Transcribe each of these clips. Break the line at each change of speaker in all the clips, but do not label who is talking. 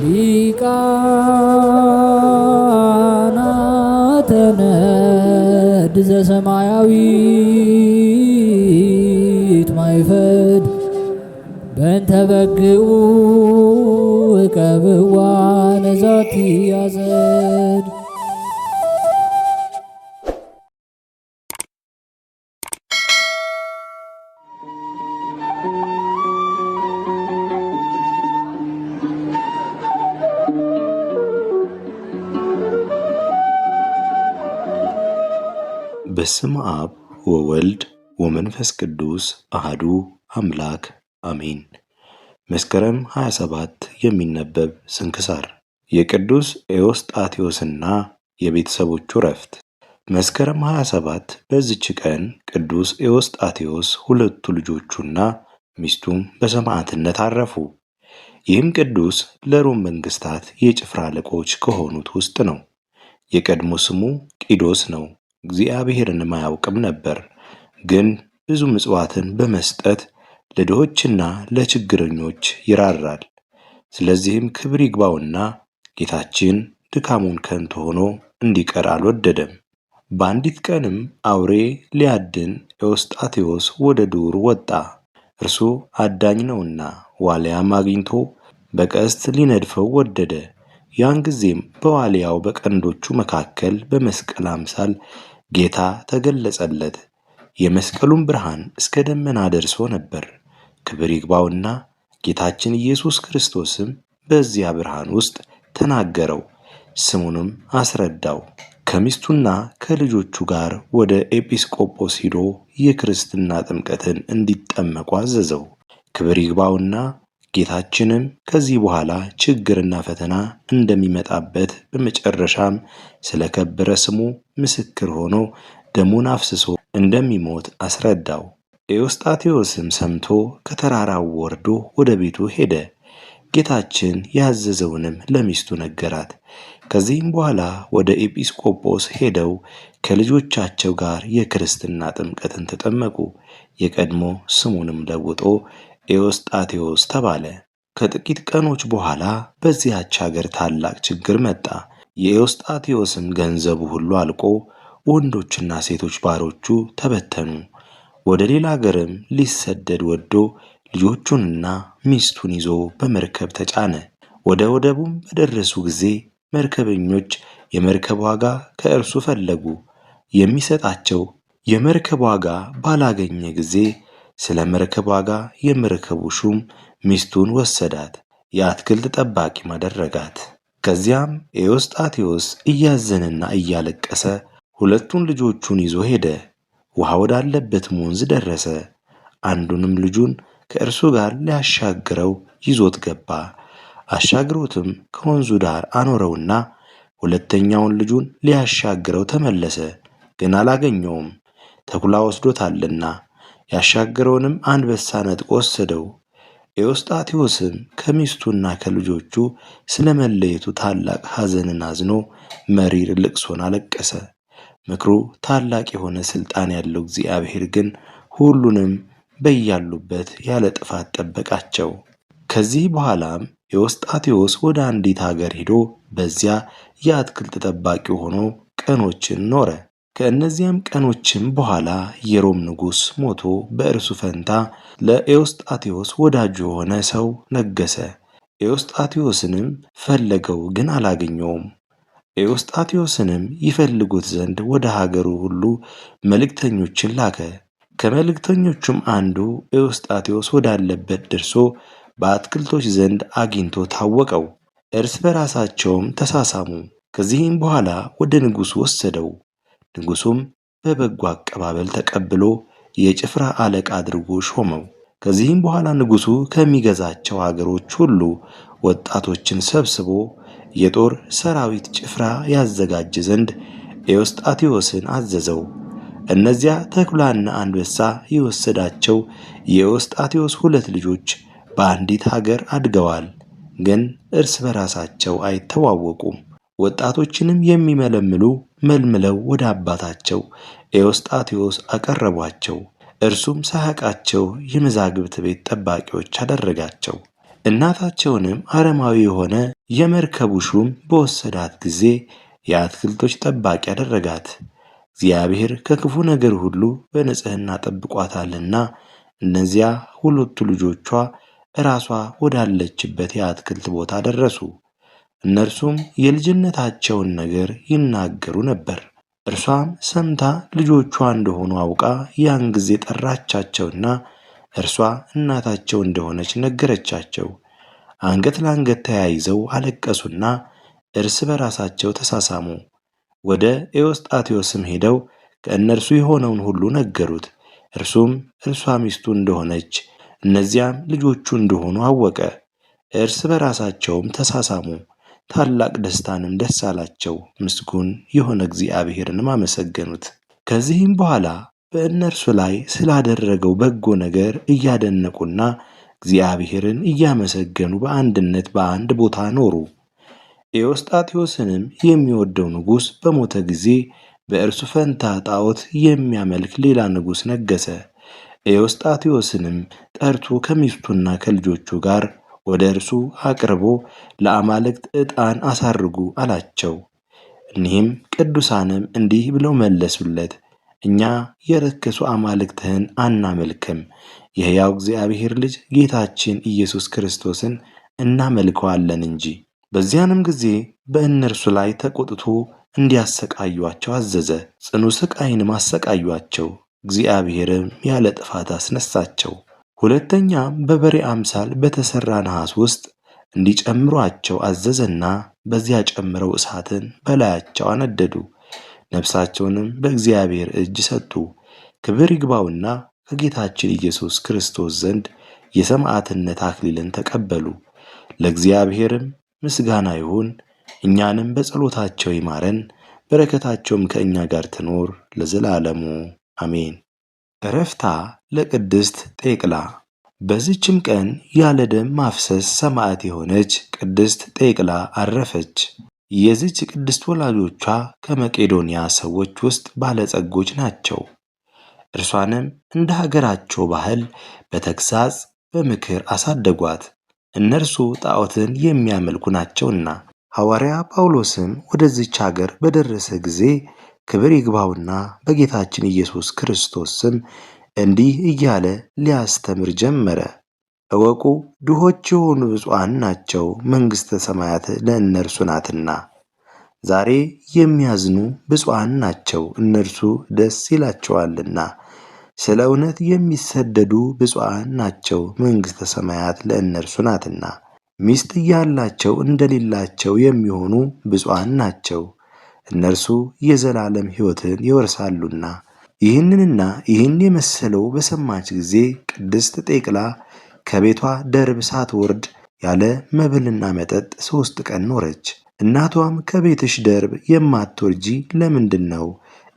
ሊቃናተ ነድ ዘሰማያዊት ማይፈድ በእንተ በግኡ እቀብዋ ነዛቲ ያዘን በስም አብ ወወልድ ወመንፈስ ቅዱስ አህዱ አምላክ አሜን። መስከረም 27 የሚነበብ ስንክሳር የቅዱስ ኤዎስጣቴዎስና የቤተሰቦቹ ረፍት። መስከረም 27 በዚች ቀን ቅዱስ ኤዎስጣቴዎስ ሁለቱ ልጆቹና ሚስቱም በሰማዕትነት አረፉ። ይህም ቅዱስ ለሮም መንግስታት የጭፍራ አለቆች ከሆኑት ውስጥ ነው። የቀድሞ ስሙ ቂዶስ ነው። እግዚአብሔርን ማያውቅም ነበር። ግን ብዙ ምጽዋትን በመስጠት ለድሆችና ለችግረኞች ይራራል። ስለዚህም ክብር ይግባውና ጌታችን ድካሙን ከንቱ ሆኖ እንዲቀር አልወደደም። በአንዲት ቀንም አውሬ ሊያድን ኤዎስጣቴዎስ ወደ ዱር ወጣ። እርሱ አዳኝ ነውና፣ ዋሊያም አግኝቶ በቀስት ሊነድፈው ወደደ። ያን ጊዜም በዋሊያው በቀንዶቹ መካከል በመስቀል አምሳል ጌታ ተገለጸለት። የመስቀሉን ብርሃን እስከ ደመና ደርሶ ነበር። ክብር ይግባውና ጌታችን ኢየሱስ ክርስቶስም በዚያ ብርሃን ውስጥ ተናገረው፣ ስሙንም አስረዳው። ከሚስቱና ከልጆቹ ጋር ወደ ኤጲስቆጶስ ሂዶ የክርስትና ጥምቀትን እንዲጠመቁ አዘዘው። ክብር ይግባውና ጌታችንም ከዚህ በኋላ ችግርና ፈተና እንደሚመጣበት በመጨረሻም ስለ ከበረ ስሙ ምስክር ሆኖ ደሙን አፍስሶ እንደሚሞት አስረዳው። ኤዎስጣቴዎስም ሰምቶ ከተራራው ወርዶ ወደ ቤቱ ሄደ። ጌታችን ያዘዘውንም ለሚስቱ ነገራት። ከዚህም በኋላ ወደ ኤጲስቆጶስ ሄደው ከልጆቻቸው ጋር የክርስትና ጥምቀትን ተጠመቁ። የቀድሞ ስሙንም ለውጦ ኤዎስጣቴዎስ ተባለ። ከጥቂት ቀኖች በኋላ በዚያች አገር ታላቅ ችግር መጣ። የኤዎስጣቴዎስም ገንዘቡ ሁሉ አልቆ ወንዶችና ሴቶች ባሮቹ ተበተኑ። ወደ ሌላ አገርም ሊሰደድ ወዶ ልጆቹንና ሚስቱን ይዞ በመርከብ ተጫነ። ወደ ወደቡም በደረሱ ጊዜ መርከበኞች የመርከብ ዋጋ ከእርሱ ፈለጉ። የሚሰጣቸው የመርከብ ዋጋ ባላገኘ ጊዜ ስለ መርከብ ዋጋ የመርከቡ ሹም ሚስቱን ወሰዳት፣ የአትክልት ጠባቂ ማደረጋት ከዚያም ኤዎስጣቴዎስ እያዘነና እያለቀሰ ሁለቱን ልጆቹን ይዞ ሄደ። ውሃ ወዳለበትም ወንዝ ደረሰ። አንዱንም ልጁን ከእርሱ ጋር ሊያሻግረው ይዞት ገባ። አሻግሮትም ከወንዙ ዳር አኖረውና ሁለተኛውን ልጁን ሊያሻግረው ተመለሰ፣ ግን አላገኘውም፤ ተኩላ ወስዶታልና። ያሻገረውንም አንበሳ ነጥቆ ወሰደው። ኤዎስጣቴዎስም ከሚስቱና ከልጆቹ ስለ መለየቱ ታላቅ ሐዘንን አዝኖ መሪር ልቅሶን አለቀሰ። ምክሩ ታላቅ የሆነ ሥልጣን ያለው እግዚአብሔር ግን ሁሉንም በያሉበት ያለ ጥፋት ጠበቃቸው። ከዚህ በኋላም ኤዎስጣቴዎስ ወደ አንዲት አገር ሄዶ በዚያ የአትክልት ጠባቂ ሆኖ ቀኖችን ኖረ። ከእነዚያም ቀኖችም በኋላ የሮም ንጉሥ ሞቶ በእርሱ ፈንታ ለኤዎስጣቴዎስ ወዳጁ የሆነ ሰው ነገሰ ኤዎስጣቴዎስንም ፈለገው፣ ግን አላገኘውም። ኤዎስጣቴዎስንም ይፈልጉት ዘንድ ወደ ሀገሩ ሁሉ መልእክተኞችን ላከ። ከመልእክተኞቹም አንዱ ኤዎስጣቴዎስ ወዳለበት ደርሶ በአትክልቶች ዘንድ አግኝቶ ታወቀው። እርስ በራሳቸውም ተሳሳሙ። ከዚህም በኋላ ወደ ንጉሥ ወሰደው። ንጉሱም በበጎ አቀባበል ተቀብሎ የጭፍራ አለቃ አድርጎ ሾመው። ከዚህም በኋላ ንጉሱ ከሚገዛቸው አገሮች ሁሉ ወጣቶችን ሰብስቦ የጦር ሰራዊት ጭፍራ ያዘጋጅ ዘንድ ኤዎስጣቴዎስን አዘዘው። እነዚያ ተኩላና አንበሳ የወሰዳቸው የኤዎስጣቴዎስ ሁለት ልጆች በአንዲት ሀገር አድገዋል፣ ግን እርስ በራሳቸው አይተዋወቁም። ወጣቶችንም የሚመለምሉ መልምለው ወደ አባታቸው ኤዎስጣቴዎስ አቀረቧቸው። እርሱም ሳያቃቸው የመዛግብት ቤት ጠባቂዎች አደረጋቸው። እናታቸውንም አረማዊ የሆነ የመርከቡ ሹም በወሰዳት ጊዜ የአትክልቶች ጠባቂ አደረጋት። እግዚአብሔር ከክፉ ነገር ሁሉ በንጽህና ጠብቋታልና እነዚያ ሁለቱ ልጆቿ እራሷ ወዳለችበት የአትክልት ቦታ ደረሱ። እነርሱም የልጅነታቸውን ነገር ይናገሩ ነበር። እርሷም ሰምታ ልጆቿ እንደሆኑ አውቃ ያን ጊዜ ጠራቻቸውና እርሷ እናታቸው እንደሆነች ነገረቻቸው። አንገት ለአንገት ተያይዘው አለቀሱና እርስ በራሳቸው ተሳሳሙ። ወደ ኤዎስጣቴዎስም ሄደው ከእነርሱ የሆነውን ሁሉ ነገሩት። እርሱም እርሷ ሚስቱ እንደሆነች እነዚያም ልጆቹ እንደሆኑ አወቀ። እርስ በራሳቸውም ተሳሳሙ። ታላቅ ደስታንም ደስ አላቸው፣ ምስጉን የሆነ እግዚአብሔርንም አመሰገኑት። ከዚህም በኋላ በእነርሱ ላይ ስላደረገው በጎ ነገር እያደነቁና እግዚአብሔርን እያመሰገኑ በአንድነት በአንድ ቦታ ኖሩ። ኤዎስጣቴዎስንም የሚወደው ንጉሥ በሞተ ጊዜ በእርሱ ፈንታ ጣዖት የሚያመልክ ሌላ ንጉሥ ነገሰ። ኤዎስጣቴዎስንም ጠርቶ ከሚስቱና ከልጆቹ ጋር ወደ እርሱ አቅርቦ ለአማልክት ዕጣን አሳርጉ አላቸው። እኒህም ቅዱሳንም እንዲህ ብለው መለሱለት፣ እኛ የረከሱ አማልክትህን አናመልክም፣ የሕያው እግዚአብሔር ልጅ ጌታችን ኢየሱስ ክርስቶስን እናመልከዋለን እንጂ። በዚያንም ጊዜ በእነርሱ ላይ ተቆጥቶ እንዲያሰቃዩአቸው አዘዘ። ጽኑ ሥቃይንም አሰቃዩአቸው። እግዚአብሔርም ያለ ጥፋት አስነሳቸው። ሁለተኛም በበሬ አምሳል በተሰራ ነሐስ ውስጥ እንዲጨምሩአቸው አዘዘና በዚያ ጨምረው እሳትን በላያቸው አነደዱ። ነፍሳቸውንም በእግዚአብሔር እጅ ሰጡ። ክብር ይግባውና ከጌታችን ኢየሱስ ክርስቶስ ዘንድ የሰማዕትነት አክሊልን ተቀበሉ። ለእግዚአብሔርም ምስጋና ይሁን። እኛንም በጸሎታቸው ይማረን፣ በረከታቸውም ከእኛ ጋር ትኖር ለዘላለሙ አሜን።
እረፍታ ለቅድስት ጤቅላ በዚችም ቀን ያለ ደም ማፍሰስ ሰማዕት የሆነች ቅድስት ጤቅላ አረፈች። የዚች ቅድስት ወላጆቿ ከመቄዶንያ ሰዎች ውስጥ ባለጸጎች ናቸው። እርሷንም እንደ ሀገራቸው ባህል በተግሳጽ በምክር አሳደጓት። እነርሱ ጣዖትን የሚያመልኩ ናቸውና ሐዋርያ ጳውሎስም ወደዚች አገር በደረሰ ጊዜ ክብር ይግባውና በጌታችን ኢየሱስ ክርስቶስ ስም እንዲህ እያለ ሊያስተምር ጀመረ። እወቁ፣ ድሆች የሆኑ ብፁዓን ናቸው፣ መንግሥተ ሰማያት ለእነርሱ ናትና። ዛሬ የሚያዝኑ ብፁዓን ናቸው፣ እነርሱ ደስ ይላቸዋልና። ስለ እውነት የሚሰደዱ ብፁዓን ናቸው፣ መንግሥተ ሰማያት ለእነርሱ ናትና። ሚስት እያላቸው እንደሌላቸው የሚሆኑ ብፁዓን ናቸው እነርሱ የዘላለም ሕይወትን ይወርሳሉና። ይህንንና ይህን የመሰለው በሰማች ጊዜ ቅድስት ጤቅላ ከቤቷ ደርብ ሳትወርድ ያለ መብልና መጠጥ ሦስት ቀን ኖረች። እናቷም ከቤትሽ ደርብ የማትወርጂ ለምንድን ነው?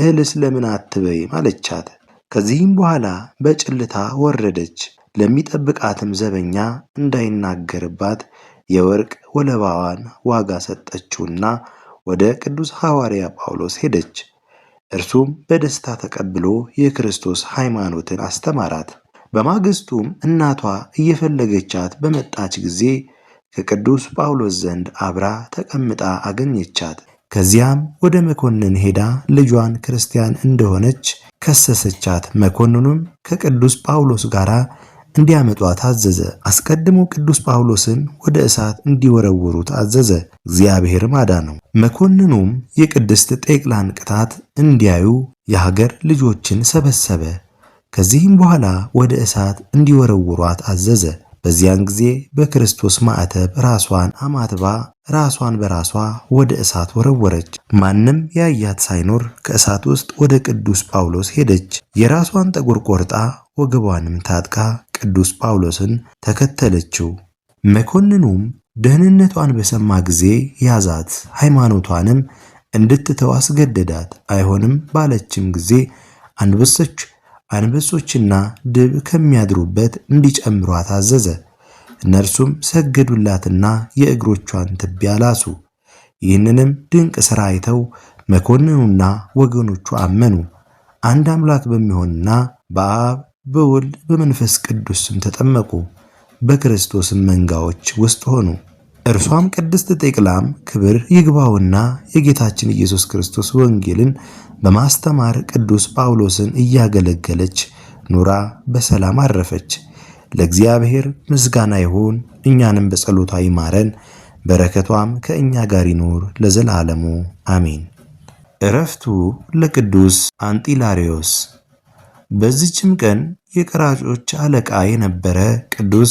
እህልስ ለምን አትበይም? አለቻት። ከዚህም በኋላ በጭልታ ወረደች። ለሚጠብቃትም ዘበኛ እንዳይናገርባት የወርቅ ወለባዋን ዋጋ ሰጠችውና ወደ ቅዱስ ሐዋርያ ጳውሎስ ሄደች። እርሱም በደስታ ተቀብሎ የክርስቶስ ሃይማኖትን አስተማራት። በማግስቱም እናቷ እየፈለገቻት በመጣች ጊዜ ከቅዱስ ጳውሎስ ዘንድ አብራ ተቀምጣ አገኘቻት። ከዚያም ወደ መኮንን ሄዳ ልጇን ክርስቲያን እንደሆነች ከሰሰቻት። መኮንኑም ከቅዱስ ጳውሎስ ጋር እንዲያመጧ ታዘዘ። አስቀድሞ ቅዱስ ጳውሎስን ወደ እሳት እንዲወረውሩት አዘዘ። እግዚአብሔርም አዳነው። መኮንኑም የቅድስት ጤቅላን ቅጣት እንዲያዩ የሀገር ልጆችን ሰበሰበ። ከዚህም በኋላ ወደ እሳት እንዲወረውሯት አዘዘ። በዚያን ጊዜ በክርስቶስ ማዕተብ ራሷን አማትባ ራሷን በራሷ ወደ እሳት ወረወረች። ማንም ያያት ሳይኖር ከእሳት ውስጥ ወደ ቅዱስ ጳውሎስ ሄደች። የራሷን ጠጉር ቆርጣ ወገቧንም ታጥቃ ቅዱስ ጳውሎስን ተከተለችው። መኮንኑም ደህንነቷን በሰማ ጊዜ ያዛት፣ ሃይማኖቷንም እንድትተው አስገደዳት። አይሆንም ባለችም ጊዜ አንበሶች አንበሶችና ድብ ከሚያድሩበት እንዲጨምሯት አዘዘ። እነርሱም ሰገዱላትና የእግሮቿን ትቢያ ላሱ። ይህንንም ድንቅ ሥራ አይተው መኮንኑና ወገኖቹ አመኑ። አንድ አምላክ በሚሆንና በአብ በወልድ በመንፈስ ቅዱስም ተጠመቁ፣ በክርስቶስም መንጋዎች ውስጥ ሆኑ። እርሷም ቅድስት ጤቅላም ክብር ይግባውና የጌታችን ኢየሱስ ክርስቶስ ወንጌልን በማስተማር ቅዱስ ጳውሎስን እያገለገለች ኑራ በሰላም አረፈች። ለእግዚአብሔር ምስጋና ይሁን፣ እኛንም በጸሎቷ ይማረን፣ በረከቷም ከእኛ ጋር ይኖር ለዘላለሙ አሜን።
እረፍቱ ለቅዱስ አንጢላሪዮስ። በዚችም ቀን የቀራጮች አለቃ የነበረ ቅዱስ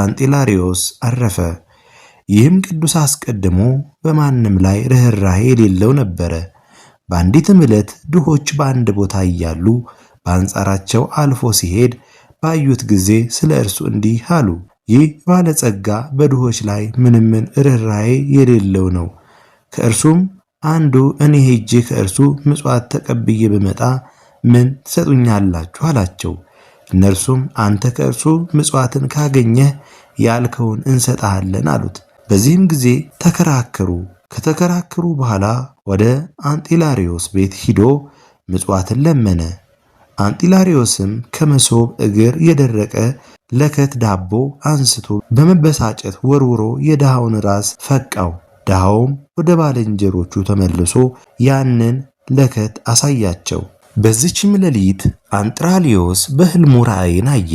አንጢላሪዮስ አረፈ። ይህም ቅዱስ አስቀድሞ በማንም ላይ ርኅራኄ የሌለው ነበረ። በአንዲትም ዕለት ድሆች በአንድ ቦታ እያሉ በአንጻራቸው አልፎ ሲሄድ ባዩት ጊዜ ስለ እርሱ እንዲህ አሉ፣ ይህ ባለጸጋ በድሆች ላይ ምንምን ርኅራኄ የሌለው ነው። ከእርሱም አንዱ እኔ ሄጄ ከእርሱ ምጽዋት ተቀብዬ ብመጣ ምን ትሰጡኛላችሁ? አላቸው። እነርሱም አንተ ከእርሱ ምጽዋትን ካገኘህ ያልከውን እንሰጥሃለን አሉት። በዚህም ጊዜ ተከራከሩ። ከተከራከሩ በኋላ ወደ አንጢላሪዮስ ቤት ሂዶ ምጽዋትን ለመነ። አንጢላሪዮስም ከመሶብ እግር የደረቀ ለከት ዳቦ አንስቶ በመበሳጨት ወርውሮ የድሃውን ራስ ፈቃው። ድሃውም ወደ ባልንጀሮቹ ተመልሶ ያንን ለከት አሳያቸው። በዚችም ሌሊት አንጥራሊዮስ በሕልሙ ራእይን አየ።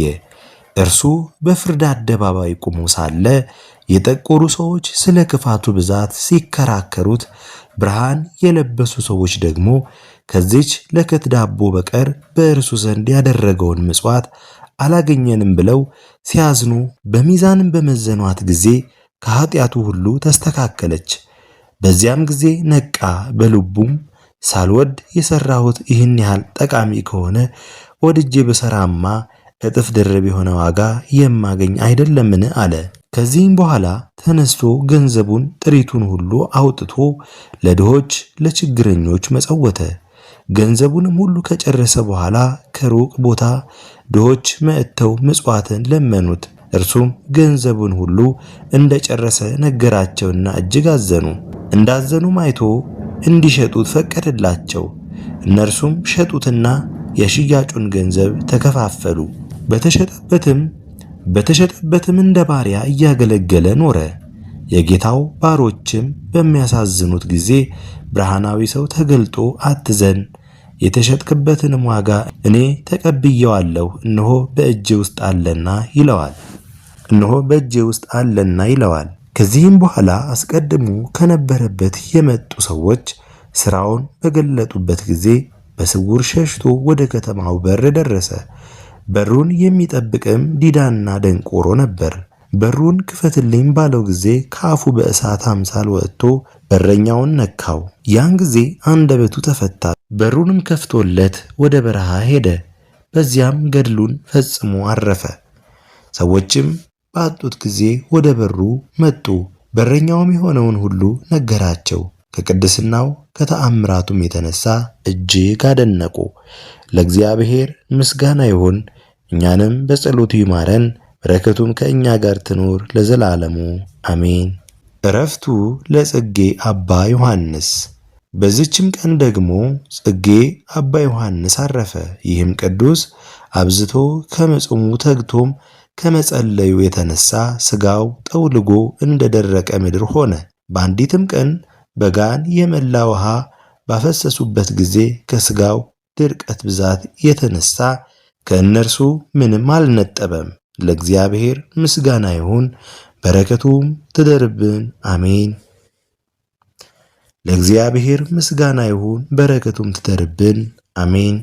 እርሱ በፍርድ አደባባይ ቆሞ ሳለ የጠቆሩ ሰዎች ስለ ክፋቱ ብዛት ሲከራከሩት፣ ብርሃን የለበሱ ሰዎች ደግሞ ከዚች ለከት ዳቦ በቀር በእርሱ ዘንድ ያደረገውን ምጽዋት አላገኘንም ብለው ሲያዝኑ፣ በሚዛንም በመዘኗት ጊዜ ከኃጢአቱ ሁሉ ተስተካከለች። በዚያም ጊዜ ነቃ፣ በልቡም ሳልወድ የሰራሁት ይህን ያህል ጠቃሚ ከሆነ ወድጄ በሰራማ እጥፍ ድርብ የሆነ ዋጋ የማገኝ አይደለምን? አለ። ከዚህም በኋላ ተነስቶ ገንዘቡን ጥሪቱን ሁሉ አውጥቶ ለድሆች ለችግረኞች መጸወተ። ገንዘቡንም ሁሉ ከጨረሰ በኋላ ከሩቅ ቦታ ድሆች መጥተው ምጽዋትን ለመኑት። እርሱም ገንዘቡን ሁሉ እንደጨረሰ ነገራቸውና እጅግ አዘኑ። እንዳዘኑም አይቶ እንዲሸጡት ፈቀደላቸው። እነርሱም ሸጡትና የሽያጩን ገንዘብ ተከፋፈሉ። በተሸጠበትም በተሸጠበትም እንደ ባሪያ እያገለገለ ኖረ። የጌታው ባሮችም በሚያሳዝኑት ጊዜ ብርሃናዊ ሰው ተገልጦ አትዘን፣ የተሸጥክበትንም ዋጋ እኔ ተቀብየዋለሁ፣ እነሆ በእጄ ውስጥ አለና ይለዋል እነሆ በእጄ ውስጥ አለና ይለዋል። ከዚህም በኋላ አስቀድሞ ከነበረበት የመጡ ሰዎች ሥራውን በገለጡበት ጊዜ በስውር ሸሽቶ ወደ ከተማው በር ደረሰ። በሩን የሚጠብቅም ዲዳና ደንቆሮ ነበር። በሩን ክፈትልኝ ባለው ጊዜ ከአፉ በእሳት አምሳል ወጥቶ በረኛውን ነካው። ያን ጊዜ አንደበቱ ተፈታ። በሩንም ከፍቶለት ወደ በረሃ ሄደ። በዚያም ገድሉን ፈጽሞ አረፈ። ሰዎችም ባጡት ጊዜ ወደ በሩ መጡ። በረኛውም የሆነውን ሁሉ ነገራቸው። ከቅድስናው ከተአምራቱም የተነሳ እጅግ አደነቁ። ለእግዚአብሔር ምስጋና ይሁን፣ እኛንም በጸሎቱ ይማረን፣ በረከቱም ከእኛ ጋር ትኖር ለዘላለሙ አሜን።
እረፍቱ ለጽጌ አባ ዮሐንስ። በዚችም ቀን ደግሞ ጽጌ አባ ዮሐንስ አረፈ። ይህም ቅዱስ አብዝቶ ከመጾሙ ተግቶም ከመጸለዩ የተነሳ ሥጋው ጠውልጎ እንደ ደረቀ ምድር ሆነ። በአንዲትም ቀን በጋን የመላ ውሃ ባፈሰሱበት ጊዜ ከሥጋው ድርቀት ብዛት የተነሳ ከእነርሱ ምንም አልነጠበም። ለእግዚአብሔር ምስጋና ይሁን፣ በረከቱም ትደርብን፣ አሜን። ለእግዚአብሔር ምስጋና ይሁን፣ በረከቱም ትደርብን፣ አሜን።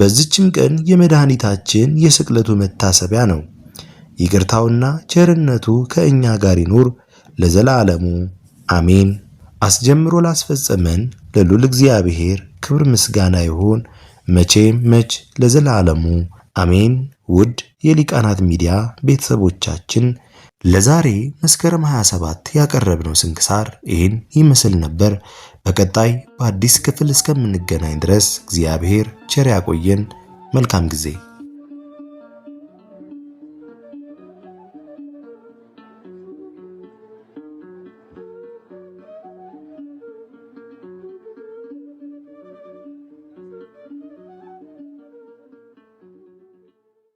በዚችም ቀን የመድኃኒታችን የስቅለቱ መታሰቢያ ነው። ይቅርታውና ቸርነቱ ከእኛ ጋር ይኑር ለዘላለሙ አሜን። አስጀምሮ ላስፈጸመን ለሉል እግዚአብሔር ክብር ምስጋና ይሁን መቼም መች ለዘላለሙ አሜን። ውድ የሊቃናት ሚዲያ ቤተሰቦቻችን ለዛሬ መስከረም 27 ያቀረብነው ስንክሳር ይህን ይመስል ነበር። በቀጣይ በአዲስ ክፍል እስከምንገናኝ ድረስ እግዚአብሔር ቸር ያቆየን። መልካም ጊዜ